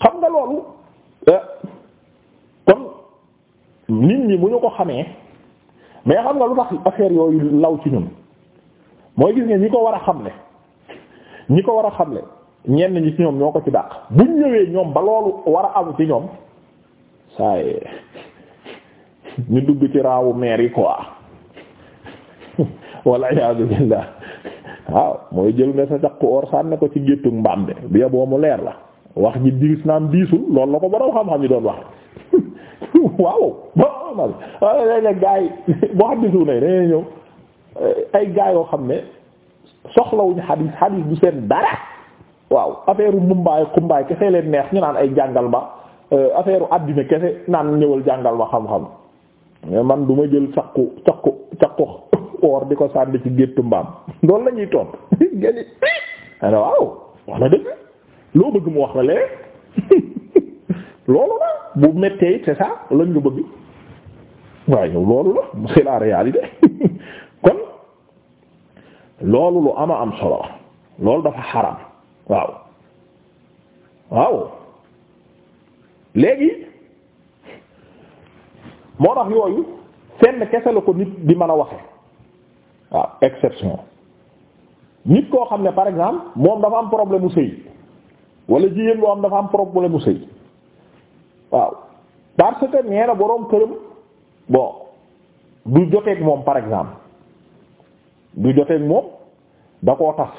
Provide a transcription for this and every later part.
xam nga loolu euh, kon nit ñi bu ñu ko xamee mais xam nga lu tax affaire yooyu law ci ñun mooy gis nga ñi ko war a xamle ñi ko war a xamle ñenn ñi ci ñoom ñoo ko ci dàq buñ ñëwee ñoom ba loolu war a amu ci ñoom saa ñu dugg ci raawu meer yi quoi walla iyaazu billaah waaw mooy jël nga sa caq or sànne ko ci géttug mbaam bi bu yeboo mu leer la wax ji diis naam diisul loolu la ko borom xam-xam yi doon wax waaw xam disu na dañuy eh, yoo xam ne soxlawuñu xadiis xadiis bu seen dara neex ñu naan ay jàngal ma eh, affaire àddina kese naan ñëwal jàngal ma xam-xam man du ma jël caqu di ko sànni ci géttu mbaam loolu la ñuy eh, wax na dëgg loo bëgg mu wax la lee loolu la bu méttee c'est ça lañ nga bëgg waaye yow loolu la c'est la kon loolu lu ama am solo loolu dafa xaram waaw waaw léegi moo tax yooyu fenn kese la ko nit di man a waxe waaw exception nit koo xam ne par exemple moom dafa am problème mu sëy wala jigéen boo am dafa am problème mu sëy waaw parce que nee boroom këram bo du joteeg moom par exemple du joteeg moom da koo tas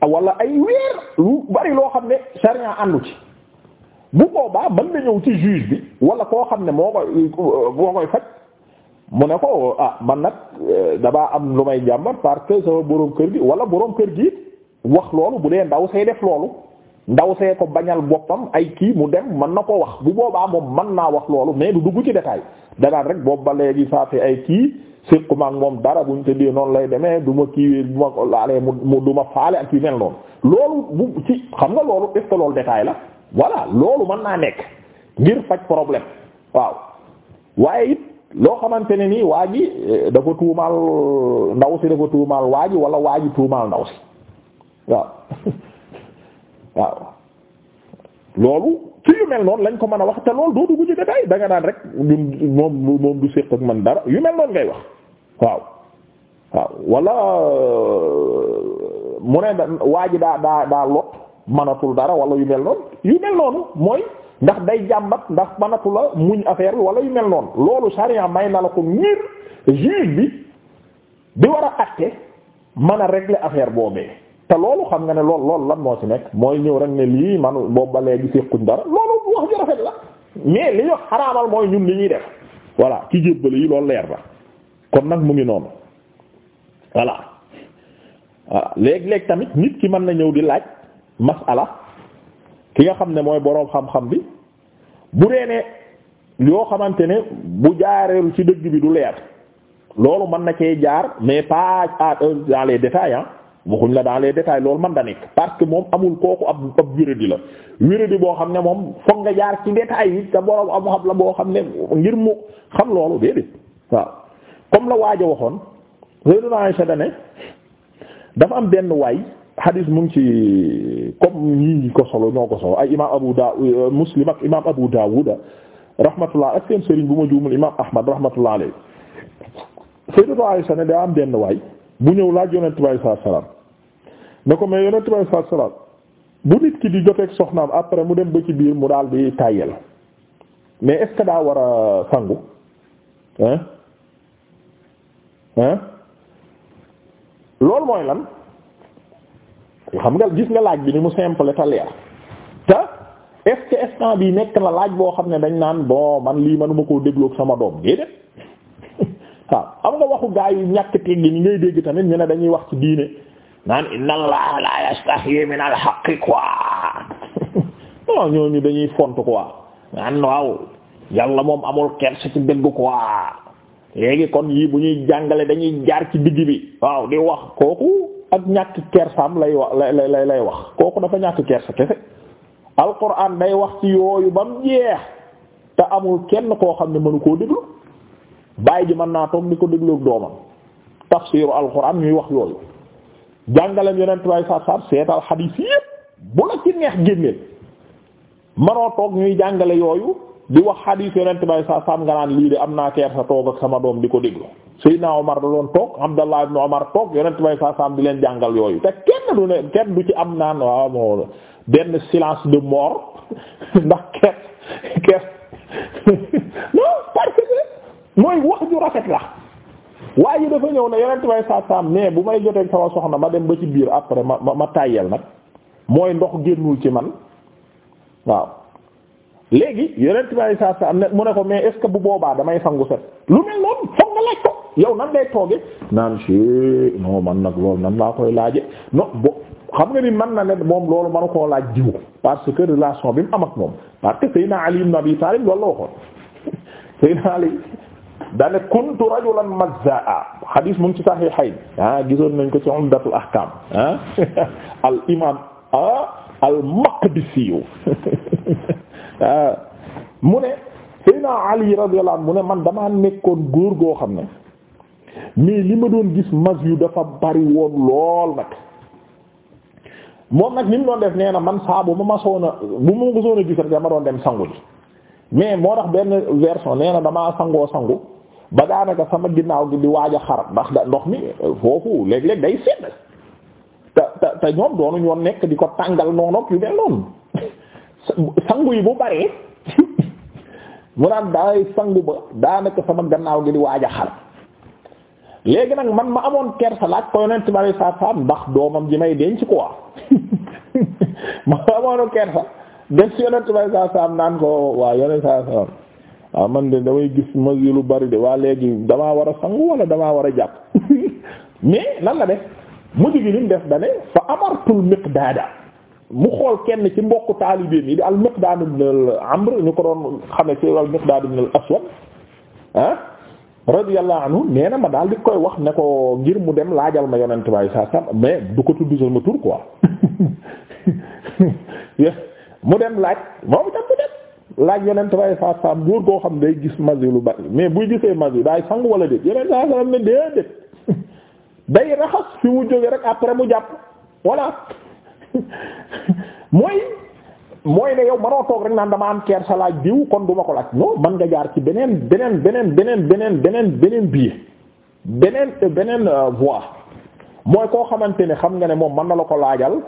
wala ay weer lu bari loo xam ne sharia àndu ci bu boobaa mën na ñëw ci juge bi wala koo xam ne moo koy moo koy faj mu ne ko ah man nag euh, damaa am lu may jàmbat parce que sama boroom kër gi wala boroom kër gi wax loolu bu dee ndaw say def loolu ndaw see ko bañal boppam ay kii mu dem mën na ko wax bu boobaa moom man naa wax loolu mais du dugg ci détail danaan rek boobu ba léegi saa fi ay kii séquma ak moom dara buñ te dee noonu lay demee du ma kii du ma laalee mu du ma faale ak yu mel noonu loolu bu ci xam nga loolu def ce loolu détail la voilà loolu mën naa nekk ngir faj problème waaw waaye it loo xamante ne nii waa ji eh, dafa tuumaal ndaw si dafa tuumaal waa ji wala waa ji tuumaal ndaw si waaw waaw loolu ci yu noonu lañ ko mën a wax te loolu doo dugg ci détail da nga naan rek ñun moom moom du séq ak man dara yu mel noonu ngay wax waaw waaw euh, mu ne waa ji daa daa daa lot manatul dara wala yu mel noonu yu noonu mooy ndax day jàmbat ndax manatula muñ affaire bi wala yu mel noonu loolu sariya may na la ko ngir juge bi bi war a àtte mën a régler affaire boobee te loolu xam nga ne lool loolu lan moo ci nekk mooy ñëw rek ne lii man boobu ba léegi séquñ dara loolu wax ju la mais li ñu xaraamal mooy ñun li ñuy def voilà ci jébbale yi loolu leer na kon nag mu ngi noonu voilà voilà léeg-léeg na ñëw di laaj masala ki nga xam ne mooy boroom xam bi bu yoo xamante ne bu jaareelu ci dëgg bi du leer loolu mën na cee jaar mais pas euh, dans les détails waxuñ la daalee les lool man da nekk parce que moom amul kooku ab ab wéradi la wéradi boo xam ne moom foog nga jaar ci détails yi te borom amu xam la boo xam ne ngir mu xam loolu déedéet waaw comme la waaja waxoon Sayyiduna Aisha dane dafa am benn waay xadiis mu ngi ci comme ñii ko solo ñoo ko solo ay imaam Abu Daawud Muslim ak imaam Abu Daawud rahmatullah ak seen sëriñ bu ma juumul imaam Ahmad rahmatullah alayhi Sayyidatu Aisha ne daa am benn waay bu ñëw laaj yonent bi sallallahu alayhi ne ko mais yonent bay saa salaam bu nit ki di joteeg soxnaam après mu dem ba biir mu daal di tàyyel mais est daa war a sangu hein hein loolu mooy lan xam nga gis nga laaj bi ni mu simple te leer te est-ce bi nekk na laaj boo xam ne dañ naan bon man lii manuma koo dégloog sama doom déedéet waaw am nga waxu gaa yu ñàkk teggi ni ngay dégg tamit ñu ne dañuy wax ci diine naan inna allah la yastahi min al haqqi quoi non ñooñu dañuy font quoi naan waaw yàlla moom amul kersa ci dëgg quoi léegi kon yii bu ñuy jàngale dañuy jaar ci digg bi waaw di wax kooku ak ñàkk kersaam lay wax lay lay wax kooku dafa ñàkk kersa kese alquran day wax ci yooyu ba mu jeex te amul kenn koo xam ne mënu koo déglu bàyyi ji mën naa toog ni ko déglu ak doomam tafsiru alquran ñuy wax yooyu jàngaleem yeneen tubaab saab saab seetal xadiis yépp bu la ci neex génneel manoo toog ñuy jàngale yooyu di wax xadiis yeneen tubaab saab saab nga naan lii de am naa keer sa toog ak sama doom di ko déglu Seydina Omar da doon toog Abdallah ibn Omar toog yeneen tubaab saab saab di leen jàngal yooyu te kenn du ne kenn du ci am naan waaw moo benn silence de mort ndax keer keer mooy wax ju rafet la waaye dafa ñëw na yeneen may saa mais bu may jotee sama soxna ma dem ba ci biir après ma ma ma tàyyeel nag mooy ndox génnul ci man waaw léegi yeneen may saa ne mu ne ko mais est ce que bu boobaa damay sangu set lu mel noonu foog nga laaj ko yow nan lay tooge naan si non man nag loolu nan laa koy laaje non bo xam nga ni man na ne moom loolu manu koo laaj jiw parce que relation bi mu am ak moom parce que Seydina Ali ibn Abi Talib loolu la waxoon dane kuntu rajulan mazzaa hadis mu ngi ci sahihayn ah gisoon nañ ko ci umdatul ahkam ah al imam ah al maqdisiyu ah, mu ne sayna ali radiyallahu anhu mu ne man damaa nekkoon góor goo xam ne mais li ma doon gis mas yu dafa bari woon lool nag moom nag ni mu doon def nee na man saa bu ma masoon a bu ma masoon gis rek dama doon dem sangu ji mais moo tax benn version nee na damaa sangoo sangu ba daanaka sama ginnaaw gi di waaja xar ndax da ndox mi euh, foofu léeg-léeg day sedd te ñoom doonu ñoon nekk di ko tàngal noonoog yu mel noonu sangu yi bu baree mu naan daay sangu ba daanaka sama gannaaw gi di waaj a xar léegi nag man ma amoon kersa laaj ko yonent bi alei saatu ndax doomam ji may denc quoi ma amoon kersa def si yonent bi alei saatu salaam naan ko waaw yonent salam waa ah, man de damay gis mesure lu bari de waa léegi damaa war a sangu wala damaa war a jàpp mais lan la def mujj gi lim def dane fa amartul miqdaada mu xool kenn ci mbokku taalibeem yi di al miqdaad ibn al amr ñu ko doon xame ci al miqdaad ibn al aswad ah radiyallahu anhu nee ma daal di koy wax ne ko ngir mu dem laajal ma yonent bi saa saa mais du ko tudd sama tur quoi mu dem laaj moom itam mu dem laaj yeneen taway saa saam góor goo xam ngay gis masi lu bari mais buy gisee masi daay sangu wala déet yeneen saa saam ne déedéet day raxas fi mu jóge rek après mu jàpp voilà mooy mooy ne yow manoo toog rek naan dama am keer sa laaj diw kon duma ko laaj non man nga jaar ci beneen beneen beneen beneen beneen beneen beneen biir beneen euh, beneen euh, voie mooy koo xamante ne xam nga ne moom man na la ko laajal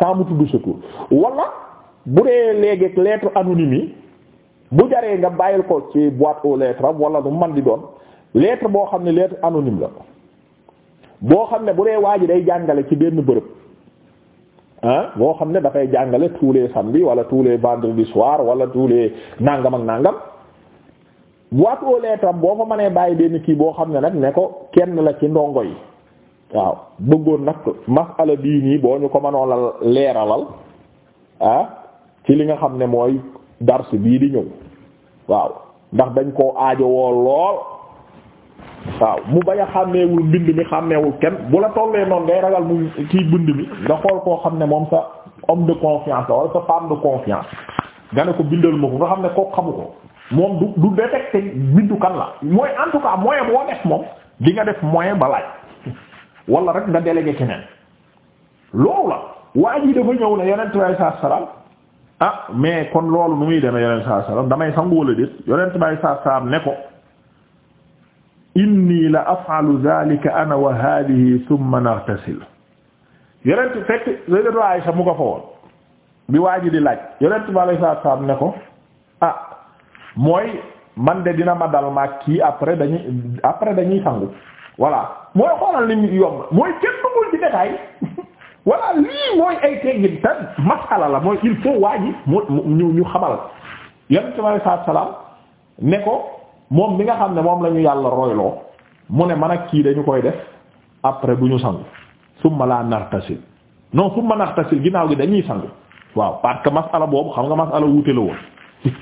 saa mu tudd sa tur bu dee léegi lettre anonyme yi bu jaree nga bàyyil ko ci boîte aux lettres am wala lu man di doon lettre boo xam ne lettre anonyme la boo xam ne bu dee waa ji day jàngale ci benn bërëb ah boo xam ne dafay jàngale tous les samedis wala tous les soir wala tous les nangam ak nangam boîte aux lettres boo fa mënee bàyyi benn kii boo xam ne nag ne ko kenn la ci ndongo yi waaw bëggoon nag masala bii nii boo ñu ko mënoon la leeralal ah ci li nga xam ne mooy dars bii di ñëw waaw ndax dañ koo aajo woo lool waaw mu bañ a xàmmeewul mbind mi xàmmeewul kenn bu la tollee noonu ngay ragal mu bind mbind mi nga xool koo xam ne moom sa homme de confiance wala sa femme de confiance nga ne ko bindal ma ko nga xam ne koo xamu ko moom du du détecter bindu kan la mooy en tout boo def moom di nga def moye ba laaj wala rek nga délégué keneen loolu la waa ji dafa ñëw ne yonent bi sallallahu alayhi ah mais kon loolu nu muy demee yonent saa salaam damay sangu wala déet yonent bay saa salaam ne ko inni la af'alu dhalika ana wa hadhihi thumma naghtasil yonent fekk sayyidatu Aisha mu ko fa woon bi waa ji di laaj yonent bay saa salaam ne ko ah mooy man de dina ma dal ma kii après dañuy après dañuy sangu voilà mooy xoolal ni yomb mooy kenn duggul ci détail voilà lii mooy ay teggin te masala la mooy il faut waa ji mu ñu ñu xamal yonent bi alayhi salaatu salaam ne ko moom bi nga xam ne moom lañu yàlla royloo mu ne man ak kii dañu koy def après du ñu sangu summa la nartasil non summa nartasil ginnaaw gi dañuy sangu waaw parce que masala boobu xam nga masala wuute la woon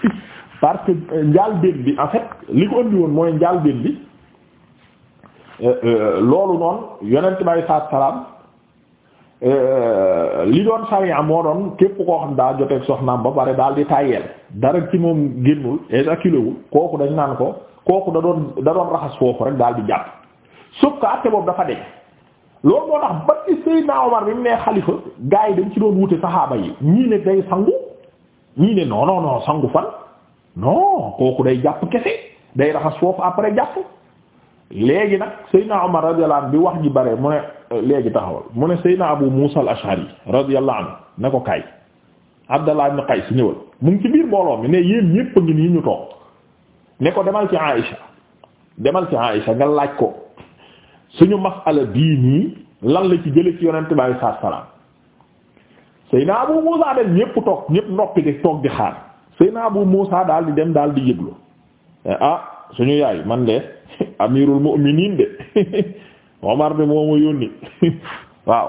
parce que euh, njàlbéen bi en fait li ko andi woon mooy njàlbéen bi euh, euh, loolu noonu yonent bi alayhi salaatu salaam Euh, li doon sariya moo doon képp koo xam daa joteeg soxnaam ba pare daal di tàyyeel dara ci moom génnul éjaculewul kooku dañ naan ko kooku da doon da doon raxas foofu rek daal di jàpp sauf que àtte boobu dafa deñ loolu moo tax ba ci Seydina Omar bi mu nee xalifa gars yi dañ ci doon wute saxaaba yi ñii ne day sangu ñii ne non non non sangu fan non kooku day jàpp kese day raxas foofu après jàpp léegi nag Seydina Omar radiyallahu anhu bi wax ji bare mu ne léegi taxawal mu ne Seydina Abu Musa al-Ash'ari radiyallahu anhu ne ko kaay Abdallah ibn Qays ñëwal mu ngi ci biir mbooloo mi ne yéen ñépp a ngi nii ñu toog ne ko demal ci Aïcha demal ci Aïcha nga laaj ko suñu masala bii nii lan la ci jële ci yonent bi alayhi salaatu salaam Seydina Abu Musa dem ñépp toog ñépp noppi di toog di xaar Seydina Abu Musa daal di dem daal di yëglu ah suñu yaay man de amirul mu'minin de Omar de moo ma yónni waaw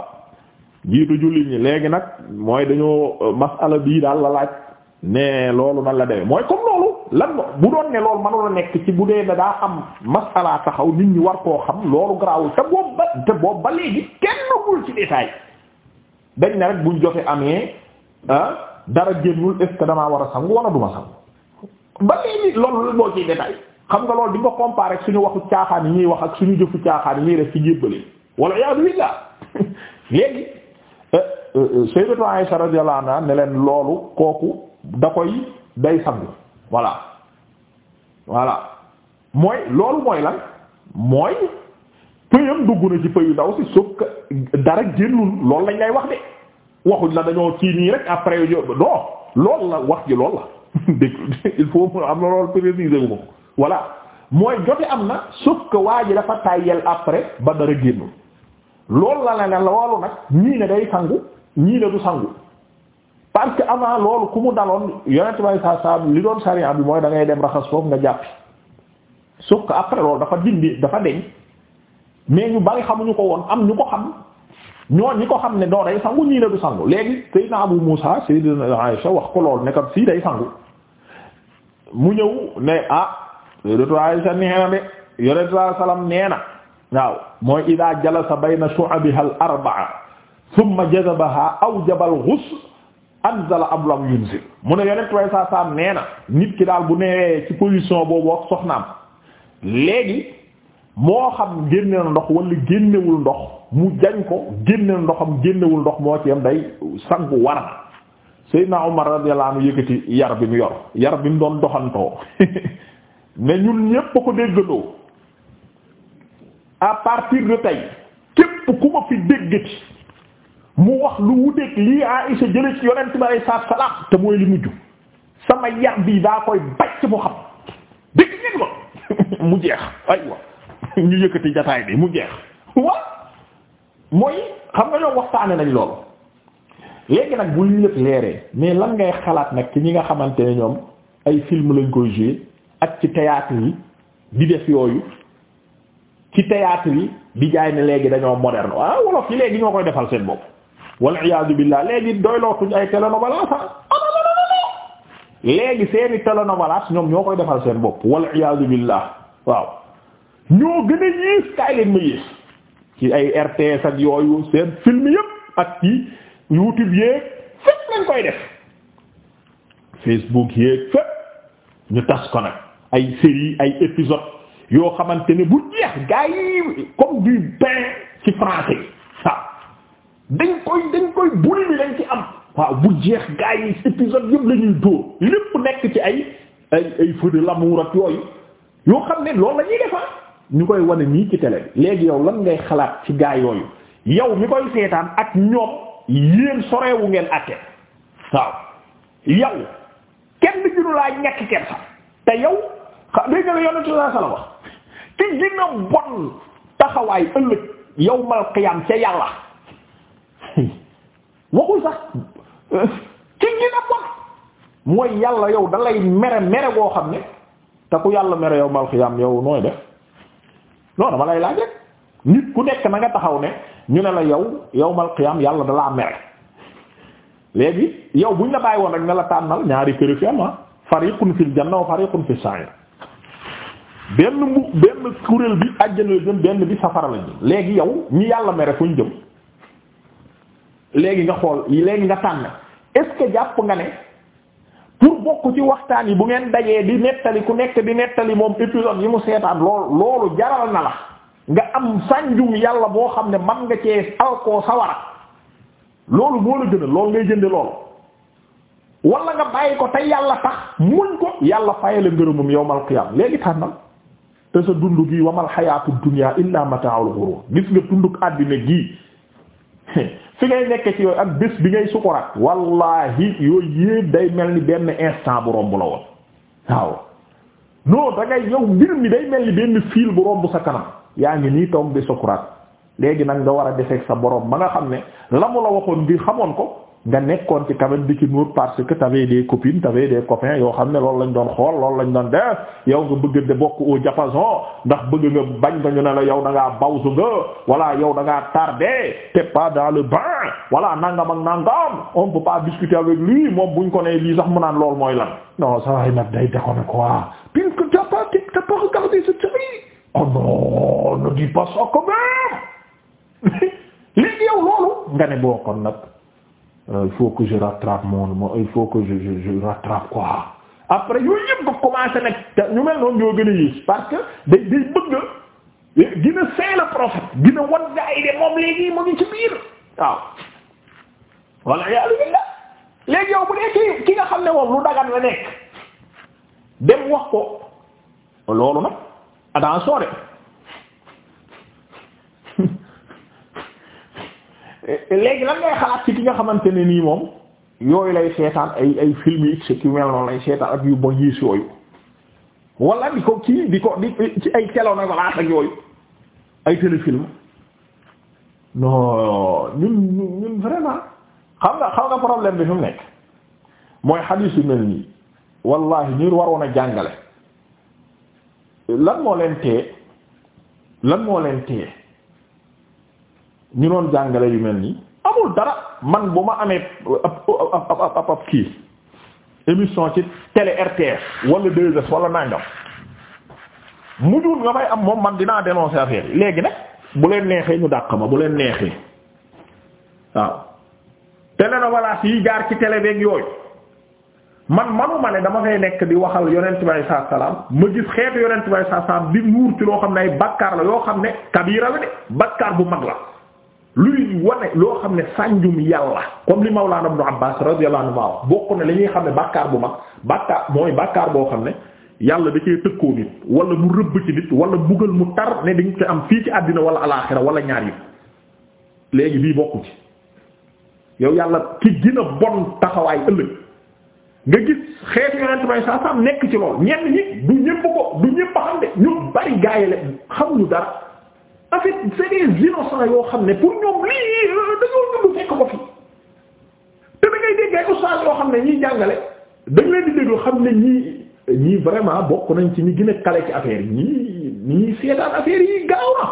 jiitu jullit ñi léegi nag mooy dañoo euh, masala bii daal la laaj ne loolu nan la demee mooy comme loolu lan bu doon ne loolu mënula nekk ci bu dee da daa am masala taxaw nit ñi war koo xam loolu garaawul te boobu ba te boobu ba léegi kenn gul ci détail dañ na rek buñ jofe amee ah, dara génnul est damaa war a sangu wala duma sangu ba léegi loolu la boo ciy détail xam nga loolu di nga comparer suñu waxu caaxaan yi ñuy wax ak suñu jëfu caaxaan yi ñuy def ci jébbale wala yaa billah léegi euh, euh, sayyidatu Aisha radiyallahu anha ne leen loolu kooku da koy day sangu voilà voilà mooy loolu mooy lan mooy pëyam dugg na ci pëyu ndaw si sauf que dara génnul loolu lañ lay wax de waxuñ la dañoo kii nii rek après non loolu la wax ji loolu la il faut am na lool préciser ko voilà mooy jote am na sauf que waa ji dafa tàyyel après ba dara génnul loolu la ne loolu nag ñii ne day sangu ñii ne du sangu parce que avant loolu ku mu daloon yonent bay saa saa li doon sariya bi mooy da ngay dem raxas foofu nga jàppi sauf que après loolu dafa dindi dafa deñ mais ñu bari xamuñu ko woon am ñu ko xam ñoo ñi ko xam ne doo day sangu ñii ne du sangu léegi Seydina Abu Muusa Seydina Aïcha wax ko loolu ne fii day sangu mu ñëw ne ah sayyidatu Aisha neena ne yonent saa salaam neena waaw mooy jalal jalasa bayna shu'abiha al-arba'a thumma jazabaha awjaba al-ghusl anzala am lam yunzil mu ne yonent way saa salaam neena nit ki daal bu newee ci position boobu ak soxnaam léegi moo xam génne na ndox wala génnewul ndox mu jañ ko génne na ndoxam génnewul ndox moo ci yam day sangu war na Seydina Umar radiyallahu anhu yar bi mu yor yar bi mu doon doxantoo ne ñun ñépp ko déggandoo à partir de tey képp ku ma fi déggati mu wax lu wuteeg lii Aïcha jële ci yonent bi alay salaam te mooy li mujj sama yar bi daa koy bacc mu xam dégg ngeen ko mu jeex aywa ñu yëkkati jataay bi mu jeex waaw mooy xam nga ñoom waxtaane nañ loolu léegi nag bu ñu lépp leeree mais lan ngay xalaat nag ci ñi nga xamante ne ñoom ay film lañ koy jouer ak ci théâtre yi di def yooyu ci théâtre yi di jaay ne léegi dañoo moderne waaw wolof yi léegi ñoo koy defal seen bopp wal iyaadu billaah léegi doy lootuñ ay télénovelas ah. ah, léegi seeni télénovelas ñoom ñoo koy defal seen bopp wal iyaadu billaah waaw ñoo gën a yées kaay ma yées ci ay RTS ak yooyu seen film yépp ak ci YouTube yéeg fépp lañ koy def Facebook yéeg ñu tas ko nag ay série ay épisode yoo xamante ne bu jeex gaa yi comme du pain ci français waaw dañ koy dañ koy buli bi ci am waaw bu jeex gaa yi épisode yëpp la dóor lépp nekk ci ay ay ay feu de yooyu yoo xam ne loolu la ñuy ah. ñu koy wane nii ci télé bi léegi yow lan ngay xalaat ci gaa yooyu yow mi koy seetaan ak ñoom yéen soreewu ngeen àtte waaw yow kenn ginu laa ñàkk kersa te yow xa dégg nga yonent sallallahu alayhi wasallam wax ki gën bon taxawaay ëllëg yawmal qiyaam ca yàlla waxul sax ki gën bon mooy yàlla yow da lay mere mere boo xam ne te ku yàlla mere yawmal qiyaam yow nooy def non dama lay laaj rek nit ku nekk na nga taxaw ne ñu ne la yow yawmal qiyaam yàlla da laa mere léegi yow buñ la bàyyi woon rek ne la tànnal ñaari kër fi am ah. fariqun fil janna wa fariqun fis sa'ir benn mu benn kuréel bi àjjana la jëm benn bi safara la jëm léegi yow ñi yàlla mere fuñ jëm léegi nga xool léegi nga tànn est-ce que jàpp nga ne pour bokk ci waxtaan yi bu ngeen dajee di nettali ku nekk di nettali moom épisode yi mu seetaan loolu loolu jaral na la nga am sànjum yàlla boo xam ne man nga cee alkoo sawara loolu moo la gënal loolu ngay jënde loolu wala nga bàyyi ko te yàlla tax muñ ko yàlla faye la ngërëmam yowmal qiyam léegi tànnal te sa dund gi wamal xayaatu dunya illa mata'ul ghurur gis nga dunduk àddina gi fi ngay nekk ci yooyu ak bés bi ngay sukuraat wallahi yooyu yépp day mel ni benn instant bu romb la woon waaw non da yow mbir mi day mel ni benn fiil bu romb sa kanam yaa ngi nii toog di sukuraat léegi nag nga war a defeek sa boroom ba nga xam ne la mu la waxoon bi xamoon ko nga nekkoon ci quand même di ci nuur parce que t'avais des copines t'avais des copains yoo xam ne lool lañ doon xool loolu lañ doon def yow nga bëgg de bokk au diapason ndax bëgg nga bañ nga ñu ne la yow da ngaa bawsu nga voilà yow da ngaa tardé t'es pas dans le bain voilà nangam ak nangam on peut pas discuter avec lui moom buñ ko ne lii sax mu naan loolu mooy lan. non ça va nag day déconné quoi. puisque t'as oh ne léegi yow loolu nga ne boo kon nag euh, il faut que je rattrape mon il faut que je je quoi après yooyu yëpp nga commencé nag ñu mel noonu ñoo gën a yées parce que day day bëgg gina seen le prophète gina wan gaa yi de moom léegi mu ngi biir waaw walla yàlla billah léegi yow bu dee ki nga xam ne moom lu dagan la nekk dem wax ko loolu nag attention de léegi lan ngay xalaat ci ki nga xamante ne nii moom yooyu lay seetaan ay ay film yi ci mel noonu lay seetaan ak yu bon yiis yooyu wala di ko kii di ko di ci ay teloon ak wala ak yooyu ay téléfilm non ñun ñun vraiment xam nga xam nga problème bi fi nekk mooy xadiis yu mel nii wallahi ñu waroon a jàngale lan moo leen téye lan moo leen téye ñu doon jàngale yu mel nii amul dara man bu ma amee ab ab ab ab kii émission ci télé RTS wala 2S wala nangam mujjul nga fay am moom man dinaa dénoncer affaire yi léegi nag bu leen neexee ñu dàq ma bu leen neexee waaw télé na walla yi jaar ci télé beeg yooyu man manuma ne dama fay nekk di waxal yonent bi alayhi salaam ma gis xeetu yonent bi alayhi salaam di nuur ci loo xam ne ay bakkaar la yoo xam ne kabira la de bakkaar bu mag la. luy wane loo xam ne sànjum yàlla comme li Mawlana Ibn Abbas radiyallahu anhu ma bokk na li ñuy xam ne bàkkaar bu ma bàkkaar mooy bàkkaar boo xam ne yàlla da cee tëkkoo nit wala mu rëbb ci nit wala bugal mu tar ne dañ ko am fii ci àddina wala alaaxira wala ñaar yi léegi bii bokku ci yow yàlla ki gën a bon taxawaay ëllëg nga gis xeetu yonent bay saa nekk ci lool ñenn ñi du ñëpp ko du ñëpp xam de ñu bari gaayale xamuñu dara en fait c'est des innocents yoo xam ne pour ñoom lii euh, dañoo dund fekk ko fi te da ngay dégg ay yoo xam ne ñiy jàngale dañ leen di déglu xam ne ñii ñii vraiment bokk nañ ci ñi gën a kale ci affaire yi ñii ñii seetaan affaire yi gaaw na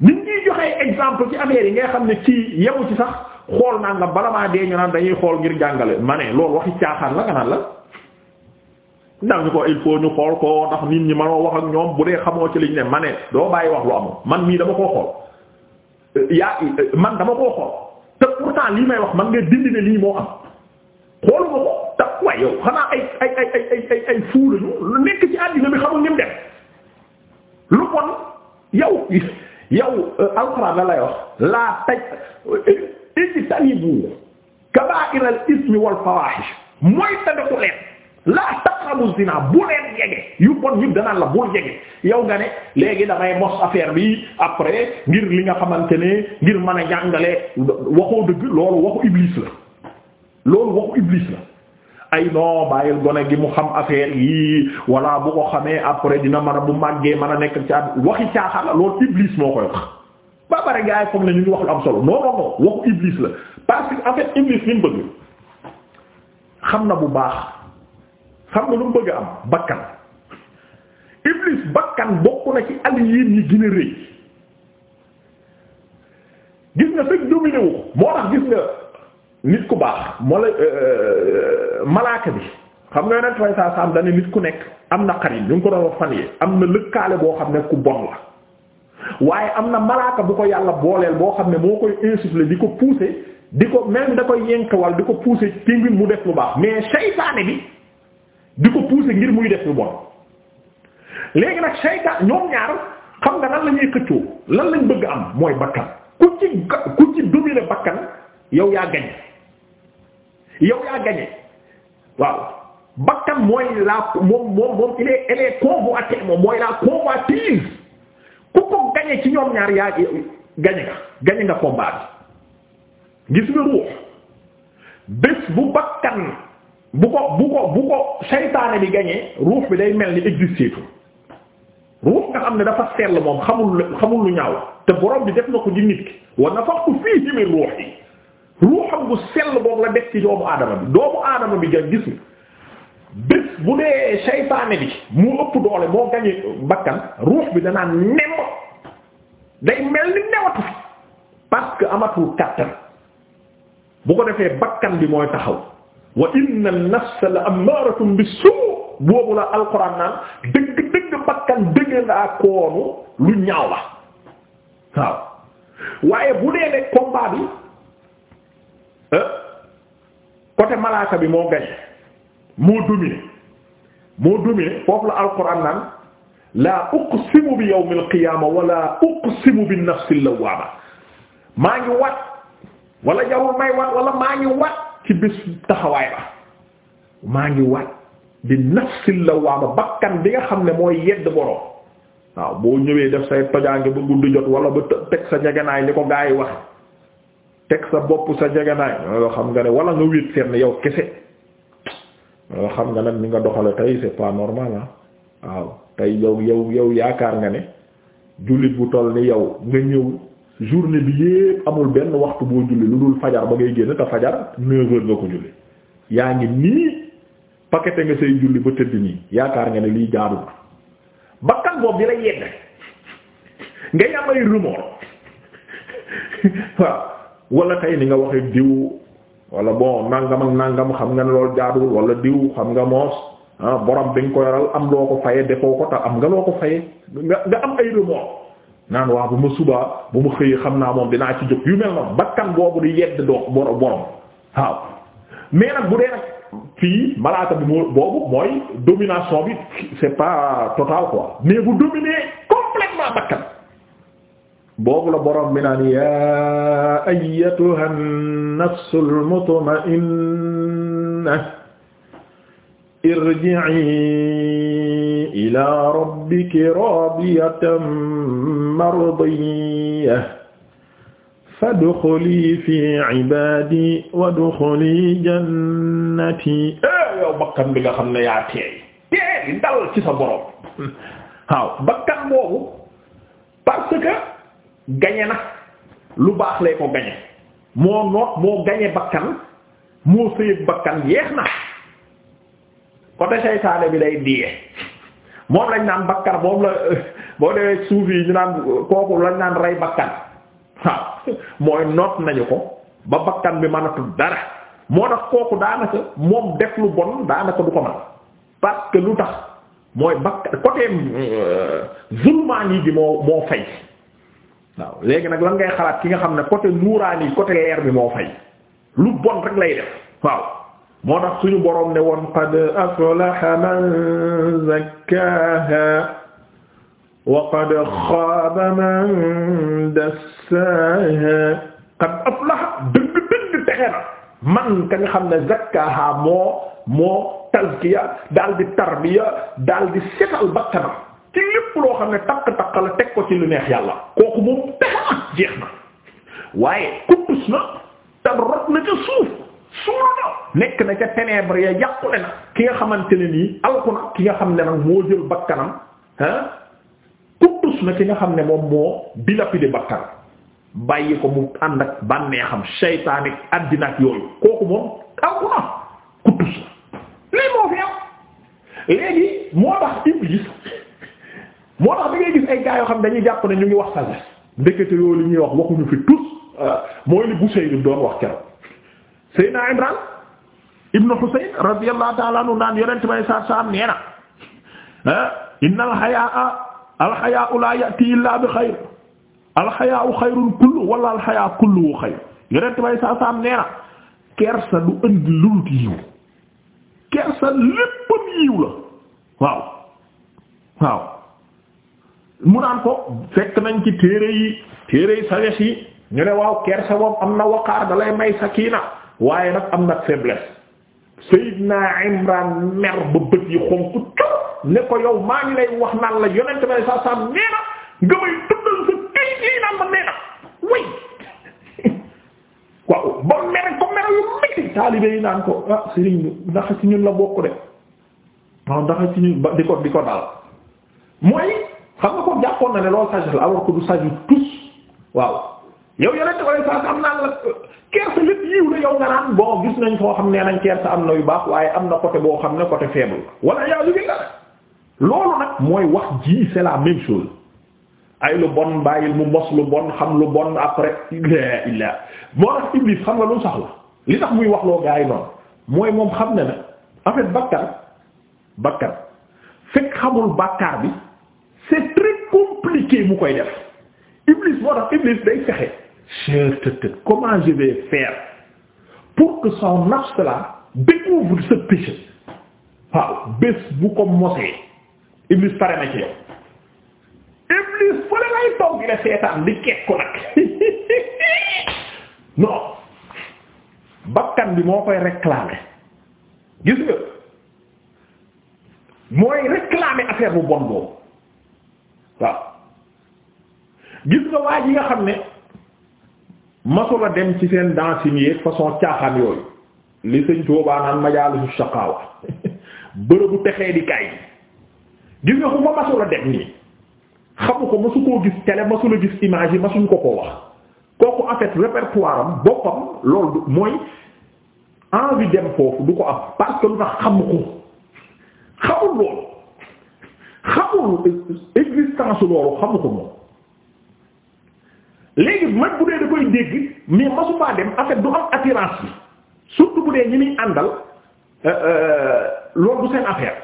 nit ñuy joxe exemple ci affaire yi ngay xam ne ci yemu ci sax xool naa nga bala maa dee ñu naan dañuy xool ngir jàngale ma ne loolu waxi caaxaan la nga naan la. ndax ñu ko il faut ñu xool ko ndax nit ñi mënoo wax ak ñoom bu dee xamoo ci liñ ne ma ne doo bàyyi wax loo amul man mii dama koo xool yaa man dama koo xool te pourtant lii may wax man nga dindi ne lii moo am xoolu ma ko te waaye yow xanaa ay ay ay ay ay ay fuula ñu nekk ci àddina bi xamul nim dem lu bon yow yow euh, alxuraan la lay wax laa taj ijtanibu kabaa'ira al ismi wal fawaahish mooy ta ko leen laa taqrabu zina bu leen jege yu bon ñu danaan la bul jege yow nga ne léegi damay mos affaire bi après ngir li nga xamante ne ngir mën a jàngale waxoo dëgg loolu waxu iblis la loolu waxu iblis la ay non bàyyil gone gi mu xam affaire yi walla bu ko xamee après dina man a bu màggee mën a nekk ca waxi caaxaan la loolu iblis moo koy ba pare gars yi foog na ñu ngi wax lu am solo non non non waxu iblis la parce que iblis li mu bëgg xam na bu baax xam nga lu mu bëgg am bakkan iblis bakkan bokk na ci alliés yi gën a rëy gis nga fekk dominé moo tax gis nga nit ku baax moo la euh, euh, malaaka bi xam nga yonent fay saa saam dana nit ku nekk am na xarit ñu ngi ko doon wax fan yi am na lëkkaale boo xam ne ku bon la waaye am na malaaka bu ko yàlla booleel boo xam ne moo koy insuffler di ko pousser di ko même da koy yenkewal di ko pousser ci mu def lu baax mais seytaane bi di ko pousser ngir muy def lu bon léegi nag saytaan ñoom ñaar xam nga nan la xëccoo lan lañ bëgg am mooy bakkan ku ci ku ci dominer bakkan yow yaa gañe yow yaa gañe waaw bakkan mooy la moom moom moom il est elle est convoitée moom mooy la convoitise ku ko gañe ci ñoom ñaar yaa gañe nga gañe nga combat bi gis nga ruux bés bu bakkan. bu ko bu ko bu ko saytaane bi gañee ruux bi day mel ni existeetu ruux nga xam ne dafa sell moom xamul xamul lu ñaaw te boroom bi def na ko di nit ki wa nafaxtu fiihi min ruuhi ruuxam bu sell boobu la def ci doomu aadama bi doomu aadama bi nga gis ni bés bu dee saytaane bi mu ëpp doole moo gañee bakkan ruux bi danaa nemm day mel ni newatu fi parce que amatul kàttan bu ko defee bakkan bi mooy taxaw wa inna an-nafsa la ammaratun bis-suu' boobu la alquran naan dëgg dëgg bakkan dëgg ndaa koonu lu ñaaw la waaw waaye bu dee ne combat bi eh, côté malaaka bi moo gagné moo dominé moo dominé foofu la alquran naan laa uqsimu bi yawmil qiyaama wala uqsimu bi nafsil lawaama maa ngi wat wala jarul may wat wala maa ngi wat ci bés taxawaay ba maa ngi waat di nafsil lawaama bakkan bi nga xam ne mooy yedd borom waaw boo ñëwee def say tojaange ba guddi jot wala ba teg sa njeganaay ni ko gaa yi wax teg sa bopp sa njeganaay yoo xam nga ne wala nga wéet fenn yow kese yoo xam nga nag ni nga doxale tey c'est pas normal ah. waaw tey yow yow yaakaar nga ne jullit bu toll ni yow nga ñëw journée bi yépp amul benn waxtu boo julli lu dul fajar ba ngay génn te fajar neuf nga ko julli yaa ngi nii paqueté nga say julli ba tëdd nii yaakaar nga ne lii jaarul bakkan boobu di la yedd nga yam ay remords waaw wala tey ni nga waxe diw wala bon nangam ak nangam xam nga ne loolu jaarul wala diw xam nga moos ah, borom bi nga ko yoral am loo ko faye defoo ko tax am nga loo ko faye nga nga am ay remords naan waa bu ma subaa bu ma xëyee xam naa moom dinaa ci jóg yu mel noonu bakkan boobu di yedd doo borom borom waaw mais nag bu dee nag fii malaata bi moo boobu mooy domination bi c'est pas total quoi mais bu dominer complètement bakkan boobu la borom bi naan yaa ayyatuhan nafsul mutma'inna irji'i ila rabbiki radiyatan mardiyya fadxuli fi ibaadi wadxuli jannati eh, yow bakkan bi nga xam ne yaa teey teey dal ci sa borom waaw bakkan boobu parce que gañe na lu baax lay ko gañe moo noot moo gañe bakkan moo sëyeek bakkan yeex na côté seytaane bi day diye moom lañ naan bakkan moom la boo dee suuf yi ñu naan kooku lañ naan rey bakkan waaw mooy noot nañu ko ba bakkan bi mënatul dara moo tax kooku daanaka moom def lu bon daanaka du ko mën parce que lu tax mooy bakkan côté euh, zulmaani bi moo moo fay waaw léegi nag lan ngay xalaat ki nga xam ne côté nuuraani côté leer bi moo fay lu bon rek lay def waaw moo tax suñu boroom ne woon qad aflaha man zakkaaha wa qad xaaba man dassaaha qad aflaha dëgg dëgg texe na man ka nga xam ne zakkaaha moo moo tazkiya daal di tarbiya daal di setal bakkanam ci lépp loo xam ne takk-takk la teg ko ci lu neex yàlla kooku moom texe na jeex na waaye kuttus na te rot na ca suuf suur na nekk na ca ténèbres ya yàqule na ki nga xamante ne nii alku na ki nga xam ne nag moo jël bakkanam ah kuttus na ki nga xam ne moom moo dilapidé bakkan bàyyi ko mu ànd ak bànneexam seytaane àddina ak yooyu kooku moom alku na kuttus na lii moo fi am léegi moo tax iblis moo tax da gis ay gaa yoo xam dañuy jàpp ne ñu ngi wax sagesse ndekete yoo li ñuy wax waxuñu fi tous ah, mooy li Busayri doon wax keroog Seydina Imran ibn Husayn radiyallahu ta'ala anhu naan yonent bay saar saar nee na inna alxayaa alxayaau laa yati illaa bi xayr alxayaau xayrun kullu wala alxayaa kullu xayr yonent bay saar saar nee na kersa du indi lulut yiw kersa léppam yiw la waaw waaw mu naan ko fekk nañ ci téere yi téere yi sagesse yi ñu ne waaw kersa moom am na waqaar da lay may sakina waaye nag am nag faiblesse Seydina Imran mer ba bët yi xonk cor ne ko yow maa ngi lay wax naan la yonent bay sa sam nee na nga may tuddal sa tey lii naan ma nee na waaw ba mer ko mer yu métti taalibe yi naan ko ah sëriñ bi ndax ci ñun la bokk de waaw ah, ndax ci ñun ba di ko di ko daal mooy xam nga ko jàppoon na ne loolu sagesse la alors que du sagesse tous waaw yow yeneen te wala saa am naan la kersa lépp yiw la yow nga naan bon gis nañ foo xam nee nañ kersa am na yu baax waaye am na côté boo xam ne côté faible wala yaa bi la loolu nag mooy wax ji c'est la même chose ay lu bon bàyyil mu mos lu bon xam lu bon après illa illa moo tax iblis xam nga lu saxla li tax muy wax loo gaa yi noonu mooy moom xam ne ne en fait bakkan bakkan fekk xamul bàkkaar bi c'est très compliqué mu koy def iblis moo tax iblis cher tëtët comment je vais faire pour que son nafs là découvre waaw bés bu ko mosee iblis pare na ci iblis fële lay toog seetaan di kekku nag non bakkan bi moo koy réclamer gis nga mooy réclamer affaire bu bon boobu waaw gis nga waa ji nga xam ne masula dem ci seen dansin yeeg façon caaxaan yooyu li sëñ Tuubaa naan majaalisu shaqaawa bërëbu texee di kaay gis nga ku fa masula dem nii xamu ko masu koo gis télé masula gis image yi masuñ ko ko wax kooku en fait répertoire am boppam loolu mooy envie dem foofu du ko am parce que lu tax xamu ko xamul loolu xamul existence loolu xamu ko moom léegi man bu dee da koy dégg mais masu faa dem en fait du am attirance bi surtout bu dee ñi muy àndal euh, euh, loolu du seen affaire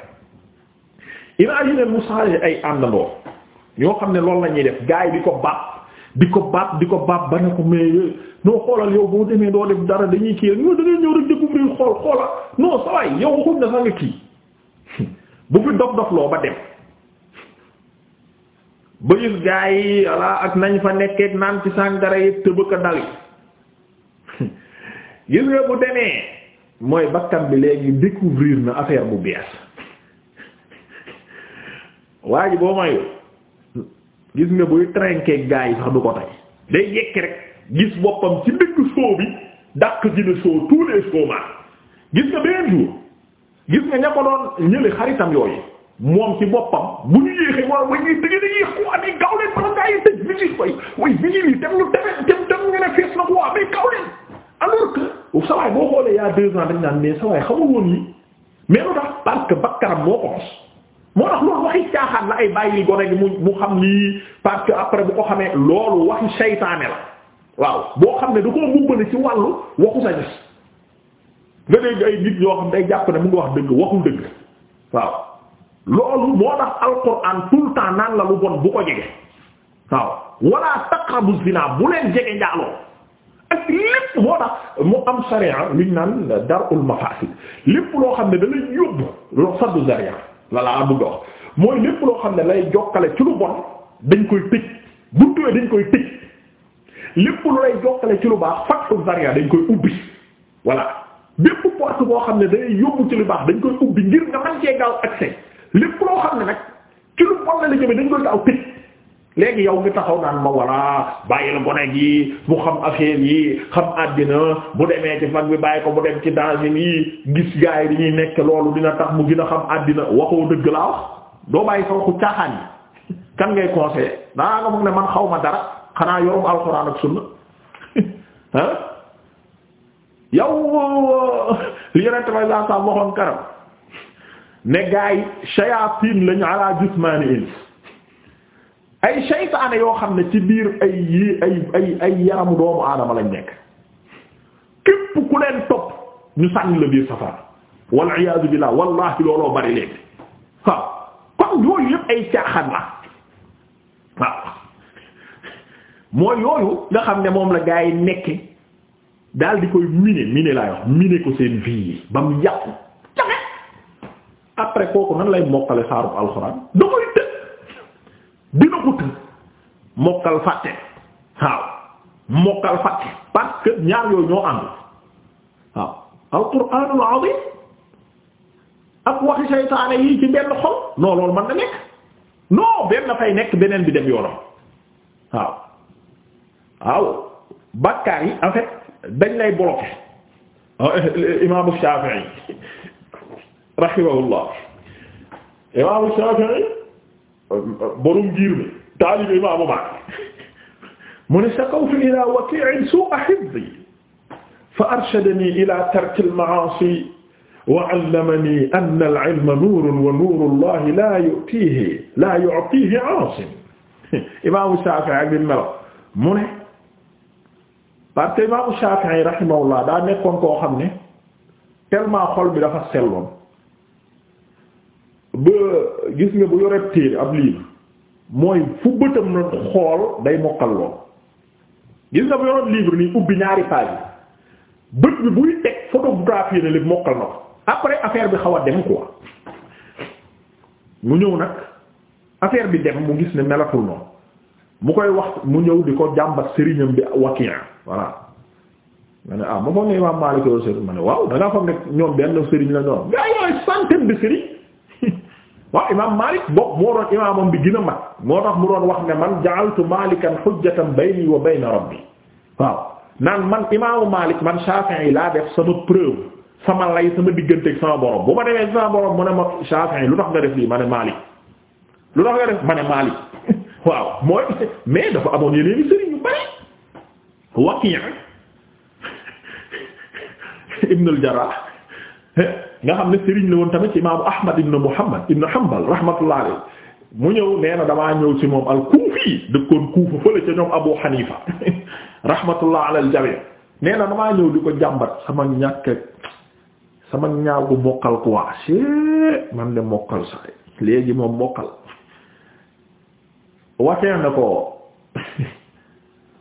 imagine mu changé ay àndandoo ñoo xam ne loolu la ñuy def gaa yi bi ko bàpp di ko bàpp di ko bàpp ba ne ko mais euh, noo xoolal yow boo demee doo def dara dañuy kii ñoo da ngay ñëw rek découvrir xool xoola non sawaay yow waxuñ na sax nga kii bu fi dof dof ba dem ba gis gaa yi walla ak nañ fa nekkeek naan ci sàngara yi tëbëk a dali gis nga bu demee mooy bakkan bi léegi découvrir na affaire bu bees waa ji boo mayu gis nga buy trinquer gaa yi sax du ko day yekki rek gis boppam ci dëkk show bi dàq dina show tous les showman gis nga beneen jour gis nga ña ko doon ñëli xaritam yooyu moom ci boppam bu ñu yéexee waaw wa ñuy dëgg dañuy y'a deux dañ naan mais sawaay xamul woon lu tax parce que bakkaram moo bàyyi li gone mu xam lii parce après bu ko xamee loolu waxi saytaane la waaw boo xam ne da koo ci wàllu waxu sa gis nga dégg ay yoo xam day jàpp ne mu ngi wax dëgg waxul dëgg waaw loolu moo tax alquran tout le temps naan la lu bon bu ko jege waaw wala taqrabu zina bu leen jege njaaloo ak lépp moo tax mu am sharia liñ naan darul mafasid lépp loo xam ne da lay yóbbu loo saddu zaria mooy lépp loo xam ne lay jokkale ci lu dañ koy tëj buntuwee dañ koy tëj lépp lu lay jokkale ci lu baax fatu zaria dañ koy ubbi voilà bépp porte boo xam ne day yóbbu ci lu baax dañ koy ubbi ngir nga mën cee gaaw accès lépp loo xam ne nag ci lu bon la la dañ koy taw tëj léegi yow ngi taxaw naan ma walla bàyyi la gi mu xam affaire yi xam àddina bu demee ci fag bi bàyyi ko bu dem ci dancin yi gis gaay bi dañuy nekk loolu dina tax mu gën xam àddina waxoo dëgg laa wax doo bàyyi sa waxu caaxaan yi kan ngay conseillé danaa nga mu ne man xaw ma dara xanaa yorum alxuraan ak sunna ah yow euh, li yonent may saa waxoon karam ne gaa yi shayatin lañu ala jismani ins ay shaytaane yoo xam ne ci biir ay yi ay ay yaramu doomu aadama lañ nekk képp ku leen topp ñu sànni la biir safara wal iyaadu billah wallahi looloo bari leen waaw kon yooyu yëpp ay caaxaan la mooy yooyu nga xam ne moom la gaa yi nekk daal di koy miné miné laa wax miné ko seen vie yi ba mu yàqu après kooku nan lay mokkale saarub alxuraan da koy të dina ko të mokkal fàtte waaw mokkal fàtte parce que ñaar yooyu ñoo ànd waaw alxuraanul azim ak waxi saytaane yi ci benn xol non loolu mën na nekk non benn dafay nekk beneen bi dem yoonam waaw waaw bakkaar yi en fait dañ lay bloquer ah, imaam Shafi'i rahimahullah imaamu Shaafi'i borom giir mi taalibe imaamu Maalik mu ne shakawtu ilaa Wakii'in suu'a hifdhii fa arshadanii ilaa tarki al-ma'aasii wa 'allamanii anna al-'ilma nuurun wa nuuru llaahi laa yu'tiihi laa yu'tiihi 'aasin imaamu Shaafi'i mu ne parce que imaamu Shaafi'i rahimahullah daa nekkoon koo xam ne tellement xol bi dafa selloon ba gis nga bu yoreb téere ab livre mooy fu bëtam na xool day mokkal lool gis nga bu yorob livre nii ubbi ñaari page bi buy teg photographie na lépp mokkal na après affaire bi xaw a dem quoi mu ñëw nag affaire bi dem mu gis ne melatul noonu mu koy wax mu ñëw di ko jàmbat sëriñam bi wakiyan voilà ma ne ah ma foog ne ne waaw da ngaa foog ñoom benn sëriñ la ñoom mais yooyu centaine de sëriñ waaw imaam Malik bopp moo bi gën a moo tax mu wax ne man ja'altu Malikan hujjatan bayni wa bayna rabbi waaw naan man imaamu Malik man Shafi'i laa def sama preuve sama lay sama digganteeg sama borom bu ma demee sama borom mu ne ma Shafi'i lu tax nga lii ma ne Malik lu tax nga def Malik waaw mooy mais dafa amoon yeneen i sëriñ yu bari Waki' ibn al nga xam ne sëriñ la woon tamit imaamu Ahmad ibn Muhammad ibn Hanbal rahmatullah alayhi mu ñëw nee na damaa ñëw ci moom al-Kufi dëkkoon Kufa fële ca ñoom Abu Hanifa rahmatullah ala al-jami' na damaa ñëw di ko jàmbat sama ñàkk sama ñaaw bu mokkal quoi man de mokkal saa léegi moom mokkal waxee na ko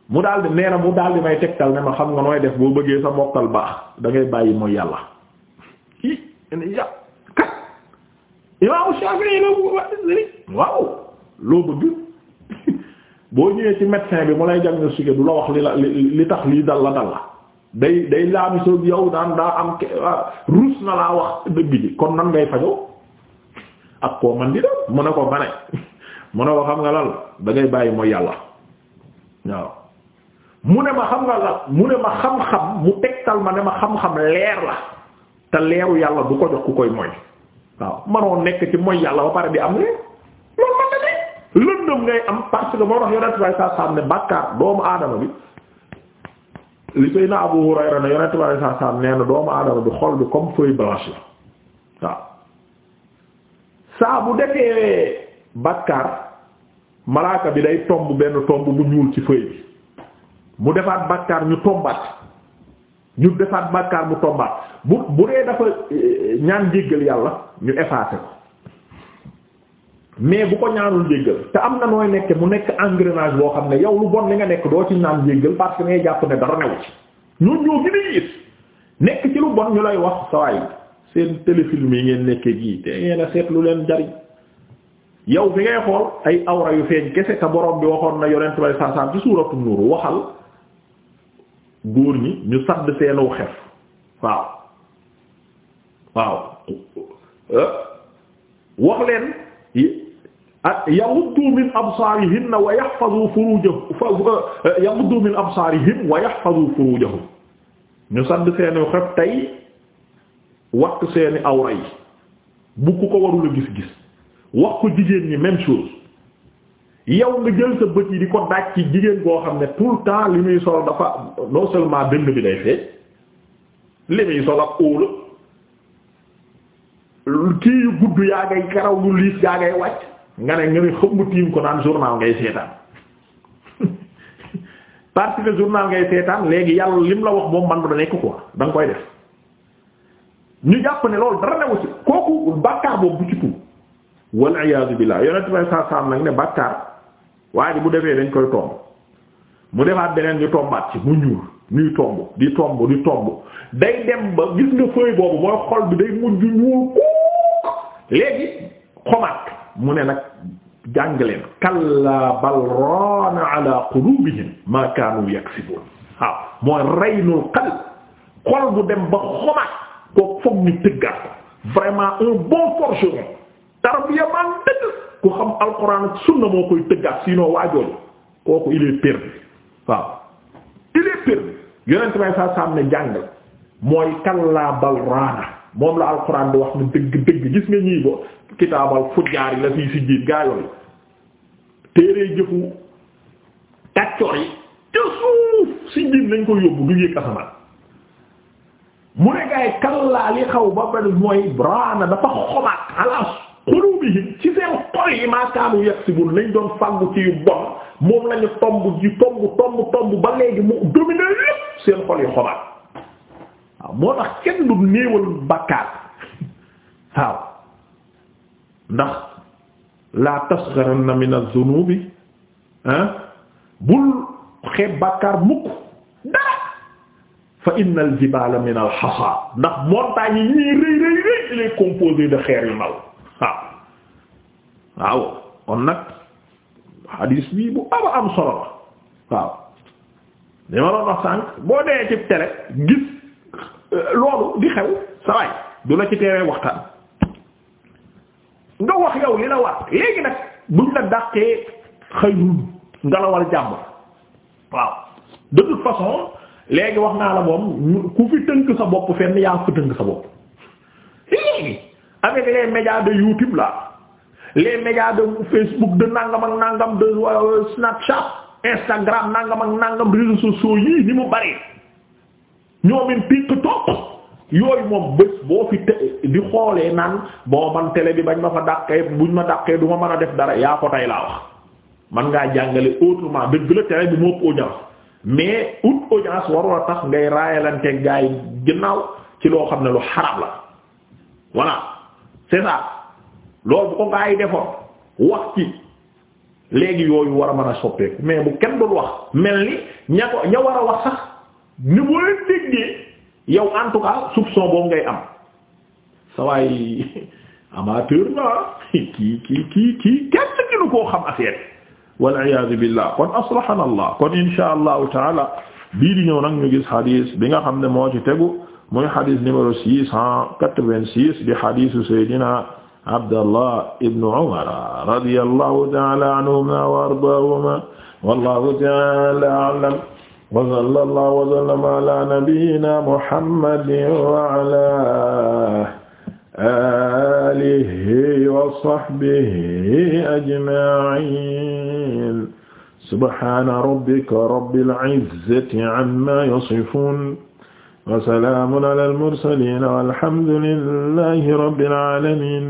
mu daal di nee na mu daal di may tegtal ne ma xam nga nooy def boo bëggee sa mokkal baax da ngay bàyyi mooy yàlla. ja kat imaamu Shafi'i la waaw loo bëgg boo ñëwee ci médecin bi mu lay diagnostiquer du la wax li la li tax lii dal la dal la day day laamisoog yow daan daa am ruus na laa wax dëgg ji kon nan ngay fajoo ak koo man di dal mu ne ko ma ne mu ne ko xam nga lal dangay bàyyi mooy yàlla waaw mu ne ma xam nga lal mu ne ma xam-xam mu tegtal ma ne ma xam-xam leer la te leeru yàlla du ko jox ku koy moy waaw manoon nekk ci moy yàlla ba pare bi am leer loolu man na ne lëndëm ngay am parce que moo tax yonent bay saa saam ne bàkkaar doomu aadama bi li sëy na Abu Hurayra ne yonent bay saa saam nee na doomu aadama bi xol bi comme feuille blanche la waaw saa bu defee bàkkaar malaaka bi day tomb benn tomb bu ñuul ci feuille bi mu defaat bàkkaar ñu tombaat ñu defaat bàkkaar bu tombaat bu bu dee dafa eh, eh, ñaan jéggal yàlla ñu effacé ko mais bu ko ñaanul jéggal te am na nooy nekk mu nekk engrenage boo xam ne yow lu bon li nga nekk doo ci ñaan jéggal parce que ngay jàpp ne dara newu ci ñun ñoo gën a gis nekk ci lu bon ñu lay wax sawaay seen téléfilm yi ngeen nekkee gii te ngeen a seet lu leen jariñ yow fi ngay xool ay awra yu feeñ kese te borom bi waxoon na yonent bay sarsam ci suuratu nuur waxal góor ñi ñu sadd seenuw xef waaw waaw euh? wax leen yaghuddu min absaarihinna wa yahfazu furujahum euh, yaghuddu min absaarihim wa yahfazu furujahum ñu sadd seeni xef tey wax seeni awra yi bu ku ko warul a gis-gis wax ko jigéen ñi même chose yow nga jël sa bët yi di ko daaj ci jigéen goo xam ne tout le temps li muy sol dafa non seulement dënd bi day feeñ li muy sol ak óola kii yu gudd yaa ngay karaw lu liis yaa ngay wàcc nga ne nga ne xëmm tiim ko naan journal ngay seetaan parce que journal ngay seetaan léegi yàlla lim la wax moom man da nekk quoi da koy def ñu jàpp ne loolu dara newu ci kooku bàkkaar boobu bu ci tuub wal iyaazu billaah yonent bay saa saam nag ne bàkkaar waa ji bu defee dañ koy tomb mu defaat beneen ñu tombaat ci mu ñuur ñuy tomb di tomb di tomb day dem ba gis nga feuille boobu mooy xol bi day mujj ñuul kook léegi xomaat mu ne nag jàng leen kalla bal raana ala qulubihim ma kaanu yaksibun waaw mooy raynul qalb xol bu dem ba xomaat kook foog ñu tëggaat ko vraiment un bon forgeron tarbiya man dëgg ku xam alquran ak sunna moo koy tëggaat sinon waajooju kooku il est waaw il est yonent may saa saam ne jàngal mooy kallaa raana moom la alquran di wax ne dëgg dëgg gis nga ñii kitaabal fujjaar yi la fii si jiit gaa jëfu kàccoor yi ca suuf si lañ ko yóbbu du yëg asamaan mu ne gaay kallaa xaw ba benn mooy raana dafa xomaat xalaas qulubihim ci seen xol yi ma kaanu yaksibun lañ doon fàggu ci yu bon tomb tomb tomb tomb mu dominé seen xol yi xobaat kenn du néewal bàkkaar waaw ndax la tasgharanna min az-zunubi ah bul xeeb bàkkaar mukk dara fa inna al-jibala min al-hasa ndax montagnes yi ñuy rëy composé de xeer yu ndaw waaw kon nag hadis bi bu ama am solo la waaw li ma doon wax sànq boo dee ci télé gis euh, loolu di xew saway du la ci teewee waxtaan nga wax yow li la war léegi nag buñ la dàqee xëyul ngalawal jàmm waaw de façon léegi wax naa la moom ku fi tënk sa bopp fenn yaa fi tënk sa bopp léegi avec les médias de YouTube là les médias de Facebook de nangam ak nangam de euh, Snapchat Instagram nangam ak nangam réseaux sociaux yii ni mu bari ñoomin TikTok yooyu moom bés boo fi te di xoolee naan boo man tele bi bañ ma fa dàqee buñ ma dàqee du ma mën a def dara yaa ko tey laa wax man ngaa jàngale autrement dëgg la télé bi moo ëpp audience mais ut audience warul a tax ngay raayalante gaay ginnaaw ci loo xam ne lu xarab la voilà c'est ça loolu bu ko gaa yi defoon wax ci léegi yooyu war a mën a soppeeku mais bu kenn dul wax mel ni ña ko a wax sax ni boo leen déggee yow en tout ngay am sa waay amateur na ah kii kii kii kii kenn gënu koo xam affaire wal iyaazu billah kon aslahana allah kon insha allahu taala bii di ñëw nag ñu gis xadis bi nga xam ne moo ci tegu muy xadis numéro six cent quatre-vingt-six di xadisu Seydina Abdallah ibn Umar radiyallahu ta'ala anhuma wa ardaahuma wallahu ta'ala a'lam wa sallallahu wa sallama ala nabiyyina Muhammadin wa ala alihi wa sahbihi ajma'in subhana rabbika rabbil izzati amma yasifun wa salaamun ala al-mursaliin walhamdu lillahi rabbil aalamiin